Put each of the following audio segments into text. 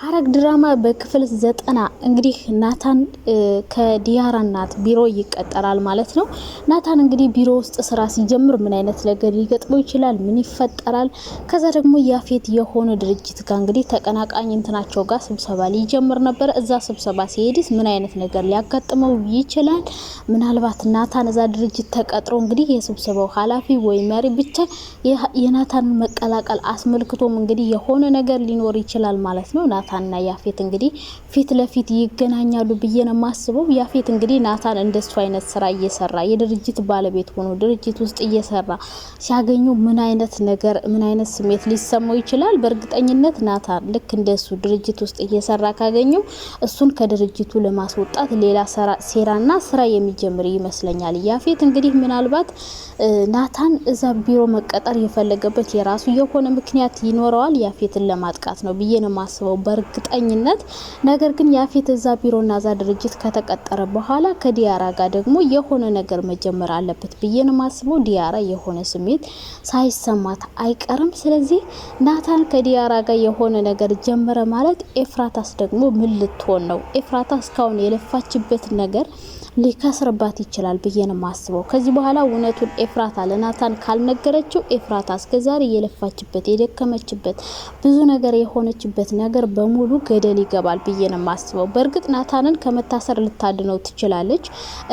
ሐረግ ድራማ በክፍል ዘጠና እንግዲህ ናታን ከዲያራ እናት ቢሮ ይቀጠራል ማለት ነው። ናታን እንግዲህ ቢሮ ውስጥ ስራ ሲጀምር ምን አይነት ነገር ሊገጥመው ይችላል? ምን ይፈጠራል? ከዛ ደግሞ ያፌት የሆነ ድርጅት ጋር እንግዲህ ተቀናቃኝ እንትናቸው ጋር ስብሰባ ሊጀምር ነበር። እዛ ስብሰባ ሲሄድስ ምን አይነት ነገር ሊያጋጥመው ይችላል? ምናልባት ናታን እዛ ድርጅት ተቀጥሮ እንግዲህ የስብሰባው ኃላፊ ወይ መሪ ብቻ የናታን መቀላቀል አስመልክቶም እንግዲህ የሆነ ነገር ሊኖር ይችላል ማለት ነው። ናታንና ያፌት እንግዲህ ፊት ለፊት ይገናኛሉ ብዬ ነው የማስበው። ያፌት እንግዲህ ናታን እንደሱ አይነት ስራ እየሰራ የድርጅት ባለቤት ሆኖ ድርጅት ውስጥ እየሰራ ሲያገኙ ምን አይነት ነገር ምን አይነት ስሜት ሊሰማው ይችላል? በእርግጠኝነት ናታን ልክ እንደሱ ድርጅት ውስጥ እየሰራ ካገኙ እሱን ከድርጅቱ ለማስወጣት ሌላ ሴራና ስራ የሚጀምር ይመስለኛል። ያፌት እንግዲህ ምናልባት ናታን እዛ ቢሮ መቀጠር የፈለገበት የራሱ የሆነ ምክንያት ይኖረዋል። ያፌትን ለማጥቃት ነው ብዬ ነው የማስበው። በእርግጠኝነት። ነገር ግን ያፌት እዛ ቢሮና እዛ ድርጅት ከተቀጠረ በኋላ ከዲያራ ጋር ደግሞ የሆነ ነገር መጀመር አለበት ብዬ ነው ማስበው። ዲያራ የሆነ ስሜት ሳይሰማት አይቀርም። ስለዚህ ናታን ከዲያራ ጋር የሆነ ነገር ጀመረ ማለት ኤፍራታስ ደግሞ ምን ልትሆን ነው? ኤፍራታ እስካሁን የለፋችበት ነገር ሊከስርባት ይችላል ብዬ ነው የማስበው። ከዚህ በኋላ እውነቱን ኤፍራታ ለናታን ካልነገረችው ኤፍራታ እስከዛሬ የለፋችበት የደከመችበት ብዙ ነገር የሆነችበት ነገር በሙሉ ገደል ይገባል ብዬ ነው የማስበው። በእርግጥ ናታንን ከመታሰር ልታድነው ትችላለች።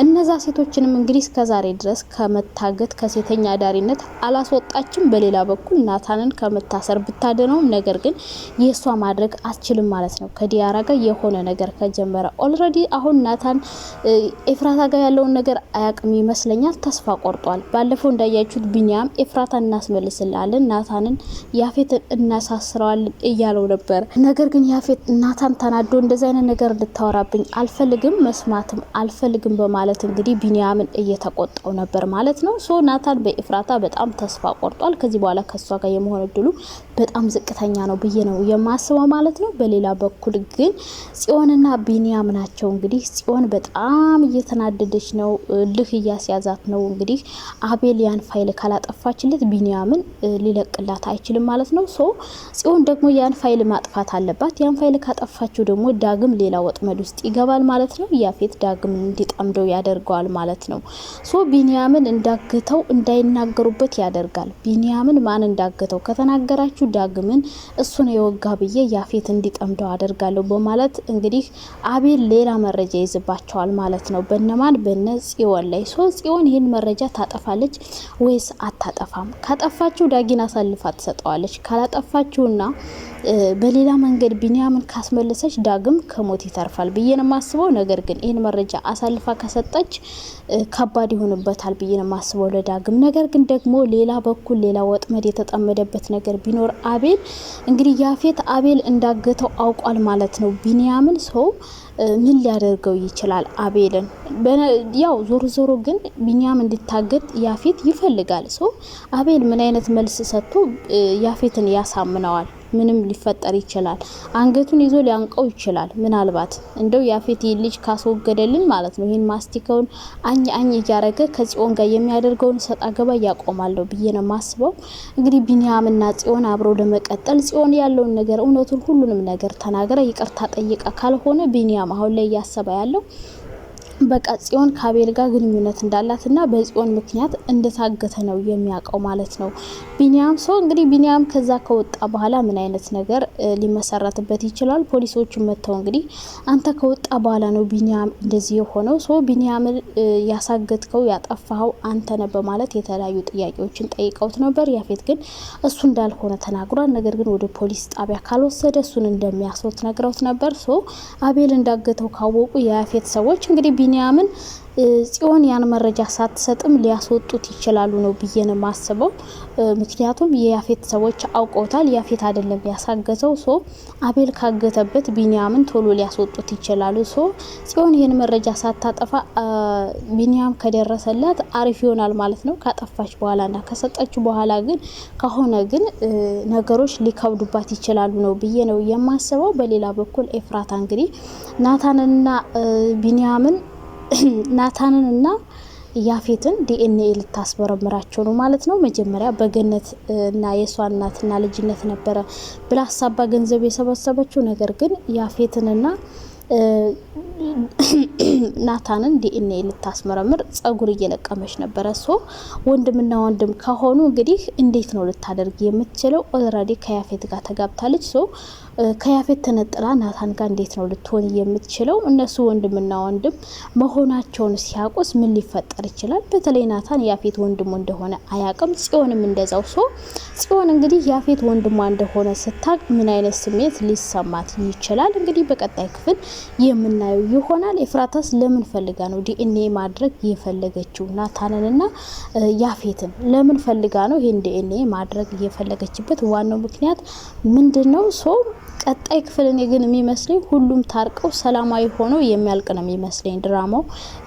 እነዛ ሴቶችንም እንግዲህ እስከዛሬ ድረስ ከመታገት ከሴተኛ አዳሪነት አላስወጣችም። በሌላ በኩል ናታንን ከመታሰር ብታድነውም ነገር ግን የእሷ ማድረግ አትችልም ማለት ነው። ከዲያራ ጋር የሆነ ነገር ከጀመረ ኦልሬዲ አሁን ናታን ኤፍራታ ጋር ያለውን ነገር አያቅም ይመስለኛል። ተስፋ ቆርጧል። ባለፈው እንዳያችሁት ቢኒያም ኤፍራታ እናስመልስላለን፣ ናታንን ያፌትን እናሳስረዋለን እያለው ነበር። ነገር ግን ያፌት ናታን ተናዶ እንደዚ አይነት ነገር እንድታወራብኝ አልፈልግም፣ መስማትም አልፈልግም በማለት እንግዲህ ቢኒያምን እየተቆጣው ነበር ማለት ነው። ሶ ናታን በኤፍራታ በጣም ተስፋ ቆርጧል። ከዚህ በኋላ ከሷ ጋር የመሆን እድሉ በጣም ዝቅተኛ ነው ብዬ ነው የማስበው ማለት ነው። በሌላ በኩል ግን ጽዮንና ቢኒያም ናቸው እንግዲህ ጽዮን በጣም እየተናደደች ነው፣ ልህ እያስያዛት ነው። እንግዲህ አቤል ያን ፋይል ካላጠፋችለት ቢኒያምን ሊለቅላት አይችልም ማለት ነው። ሶ ጽዮን ደግሞ ያን ፋይል ማጥፋት አለባት። ያን ፋይል ካጠፋችው ደግሞ ዳግም ሌላ ወጥመድ ውስጥ ይገባል ማለት ነው። ያፌት ዳግም እንዲጠምደው ያደርገዋል ማለት ነው። ሶ ቢንያምን እንዳግተው እንዳይናገሩበት ያደርጋል። ቢኒያምን ማን እንዳግተው ከተናገራችሁ ዳግምን እሱን የወጋ ብዬ ያፌት እንዲጠምደው አደርጋለሁ በማለት እንግዲህ አቤል ሌላ መረጃ ይዝባቸዋል ማለት ነው። በነማን በነ ጽዮን ላይ ሶ ጽዮን ይህን መረጃ ታጠፋለች ወይስ አታጠፋም? ካጠፋችሁ ዳጊን አሳልፋ ትሰጠዋለች። ካላጠፋችሁና በሌላ መንገድ ቢንያምን ካስመለሰች ዳግም ከሞት ይተርፋል ብዬ ነው የማስበው። ነገር ግን ይህን መረጃ አሳልፋ ከሰጠች ከባድ ይሆንበታል ብዬ ነው የማስበው ለዳግም። ነገር ግን ደግሞ ሌላ በኩል ሌላ ወጥመድ የተጠመደበት ነገር ቢኖር አቤል እንግዲህ ያፌት አቤል እንዳገተው አውቋል ማለት ነው። ቢንያምን ሰው ምን ሊያደርገው ይችላል? አቤልን ያው ዞሮ ዞሮ ግን ቢንያም እንዲታገጥ ያፌት ይፈልጋል። ሰው አቤል ምን አይነት መልስ ሰጥቶ ያፌትን ያሳምነዋል? ምንም ሊፈጠር ይችላል። አንገቱን ይዞ ሊያንቀው ይችላል። ምናልባት እንደው ያፌት ልጅ ካስወገደልን ማለት ነው ይህን ማስቲካውን አኝ አኝ እያረገ ከጽዮን ጋር የሚያደርገውን ሰጥ አገባ እያቆማለሁ ብዬ ነው ማስበው። እንግዲህ ቢኒያምና ጽዮን አብረው ለመቀጠል ጽዮን ያለውን ነገር እውነቱን ሁሉንም ነገር ተናገረ፣ ይቅርታ ጠይቃ ካልሆነ ቢኒያም አሁን ላይ እያሰባ ያለው በቃ ጽዮን ከአቤል ጋር ግንኙነት እንዳላት እና በጽዮን ምክንያት እንደታገተ ነው የሚያውቀው ማለት ነው። ቢኒያም ሰው እንግዲህ ቢኒያም ከዛ ከወጣ በኋላ ምን አይነት ነገር ሊመሰረትበት ይችላል? ፖሊሶቹ መጥተው እንግዲህ አንተ ከወጣ በኋላ ነው ቢኒያም እንደዚህ የሆነው ሶ ቢኒያምን ያሳገትከው ያጠፋኸው አንተ ነ በማለት የተለያዩ ጥያቄዎችን ጠይቀውት ነበር። ያፌት ግን እሱ እንዳልሆነ ተናግሯል። ነገር ግን ወደ ፖሊስ ጣቢያ ካልወሰደ እሱን እንደሚያስሩት ነግረውት ነበር። ሶ አቤል እንዳገተው ካወቁ የያፌት ሰዎች እንግዲህ ቢንያምን ጽዮን ያን መረጃ ሳትሰጥም ሊያስወጡት ይችላሉ ነው ብዬ ነው የማስበው። ምክንያቱም የያፌት ሰዎች አውቀውታል። ያፌት አይደለም ያሳገተው። ሶ አቤል ካገተበት ቢንያምን ቶሎ ሊያስወጡት ይችላሉ። ሶ ጽዮን ይህን መረጃ ሳታጠፋ ቢንያም ከደረሰላት አሪፍ ይሆናል ማለት ነው። ካጠፋች ና ከሰጠችው በኋላ ግን ከሆነ ግን ነገሮች ሊከብዱባት ይችላሉ ነው ብዬ ነው የማስበው። በሌላ በኩል ኤፍራታ እንግዲህ ናታንና ቢንያምን ናታንን እና ያፌትን ዲኤንኤ ልታስመረምራቸው ነው ማለት ነው። መጀመሪያ በገነት እና የእሷ እናትና ልጅነት ነበረ ብላ ሀሳባ ገንዘብ የሰበሰበችው ነገር ግን ያፌትንና ናታንን ዲኤንኤ ልታስመረምር ጸጉር እየለቀመች ነበረ። ሶ ወንድምና ወንድም ከሆኑ እንግዲህ እንዴት ነው ልታደርግ የምትችለው? ኦልሬዲ ከያፌት ጋር ተጋብታለች። ሶ ከያፌት ተነጥላ ናታን ጋር እንዴት ነው ልትሆን የምትችለው? እነሱ ወንድምና ወንድም መሆናቸውን ሲያውቁስ ምን ሊፈጠር ይችላል? በተለይ ናታን ያፌት ወንድሙ እንደሆነ አያውቅም። ጽዮንም እንደዛው ሶ ጽዮን እንግዲህ ያፌት ወንድሟ እንደሆነ ስታቅ ምን አይነት ስሜት ሊሰማት ይችላል? እንግዲህ በቀጣይ ክፍል የምናየው ይሆናል። ኤፍራታስ ለምን ፈልጋ ነው ዲኤንኤ ማድረግ የፈለገችው? ናታንንና ያፌትን ለምን ፈልጋ ነው ይህን ዲኤንኤ ማድረግ የፈለገችበት ዋናው ምክንያት ምንድን ነው? ሶ ቀጣይ ክፍል እኔ ግን የሚመስለኝ ሁሉም ታርቀው ሰላማዊ ሆኖ የሚያልቅ ነው የሚመስለኝ ድራማው።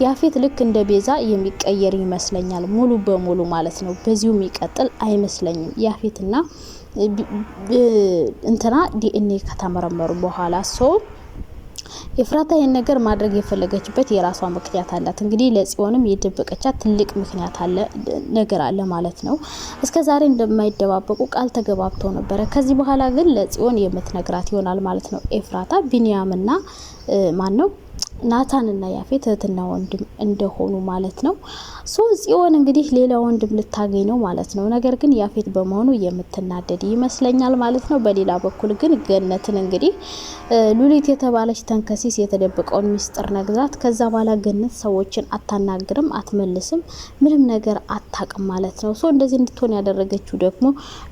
ያፌት ልክ እንደ ቤዛ የሚቀየር ይመስለኛል ሙሉ በሙሉ ማለት ነው። በዚሁ የሚቀጥል አይመስለኝም። ያፌትና እንትና ዲኤንኤ ከተመረመሩ በኋላ ሰው ኤፍራታ ይህን ነገር ማድረግ የፈለገችበት የራሷ ምክንያት አላት። እንግዲህ ለጽዮንም የደበቀቻት ትልቅ ምክንያት አለ ነገር አለ ማለት ነው። እስከ ዛሬ እንደማይደባበቁ ቃል ተገባብተው ነበረ። ከዚህ በኋላ ግን ለጽዮን የምትነግራት ይሆናል ማለት ነው። ኤፍራታ ቢንያምና ማን ነው ናታንና ያፌት እህትና ወንድም እንደሆኑ ማለት ነው። ሶ ጽዮን እንግዲህ ሌላ ወንድም ልታገኝ ነው ማለት ነው። ነገር ግን ያፌት በመሆኑ የምትናደድ ይመስለኛል ማለት ነው። በሌላ በኩል ግን ገነትን እንግዲህ ሉሊት የተባለች ተንከሲስ የተደበቀውን ሚስጥር ነግዛት ከዛ በኋላ ገነት ሰዎችን አታናግርም፣ አትመልስም፣ ምንም ነገር አታቅም ማለት ነው። ሶ እንደዚህ እንድትሆን ያደረገችው ደግሞ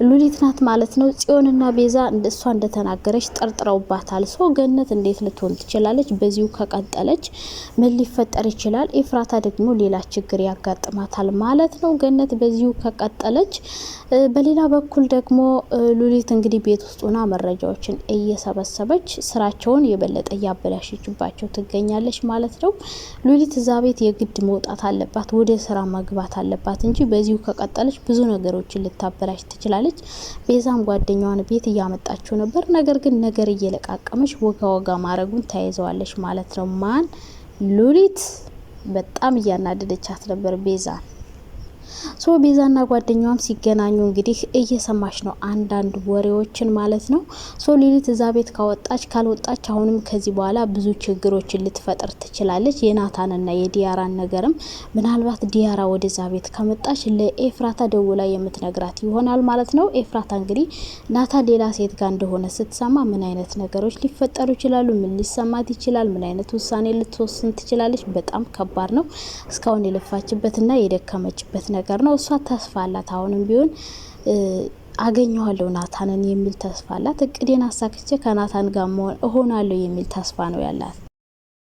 ሉሊት ናት ማለት ነው። ጽዮንና ቤዛ እሷ እንደተናገረች ጠርጥረውባታል። ሶ ገነት እንዴት ልትሆን ትችላለች በዚሁ ከቀ ቀጠለች ምን ሊፈጠር ይችላል? ኤፍራታ ደግሞ ሌላ ችግር ያጋጥማታል ማለት ነው። ገነት በዚሁ ከቀጠለች፣ በሌላ በኩል ደግሞ ሉሊት እንግዲህ ቤት ውስጥ ሆና መረጃዎችን እየሰበሰበች ስራቸውን የበለጠ እያበላሸችባቸው ትገኛለች ማለት ነው። ሉሊት እዛ ቤት የግድ መውጣት አለባት፣ ወደ ስራ መግባት አለባት እንጂ በዚሁ ከቀጠለች ብዙ ነገሮችን ልታበላሽ ትችላለች። ቤዛም ጓደኛዋን ቤት እያመጣችው ነበር። ነገር ግን ነገር እየለቃቀመች ወጋ ወጋ ማድረጉን ተያይዘዋለች ማለት ነው። ማን ሉሊት በጣም እያናደደቻት ነበር ቤዛን። ሶ ቤዛና ጓደኛዋም ሲገናኙ እንግዲህ እየሰማች ነው አንዳንድ ወሬዎችን ማለት ነው። ሶ ሊሊት እዛ ቤት ካወጣች ካልወጣች አሁንም ከዚህ በኋላ ብዙ ችግሮችን ልትፈጥር ትችላለች። የናታንና የዲያራን ነገርም ምናልባት ዲያራ ወደዛ ቤት ከመጣች ለኤፍራታ ደውላ የምትነግራት ይሆናል ማለት ነው። ኤፍራታ እንግዲህ ናታን ሌላ ሴት ጋር እንደሆነ ስትሰማ ምን አይነት ነገሮች ሊፈጠሩ ይችላሉ? ምን ሊሰማት ይችላል? ምን አይነት ውሳኔ ልትወስን ትችላለች? በጣም ከባድ ነው። እስካሁን የለፋችበትና የደከመችበት ነገር ነገር ነው። እሷ ተስፋ አላት። አሁንም ቢሆን አገኘዋለሁ ናታንን የሚል ተስፋ አላት። እቅዴን አሳክቼ ከናታን ጋር እሆናለሁ የሚል ተስፋ ነው ያላት።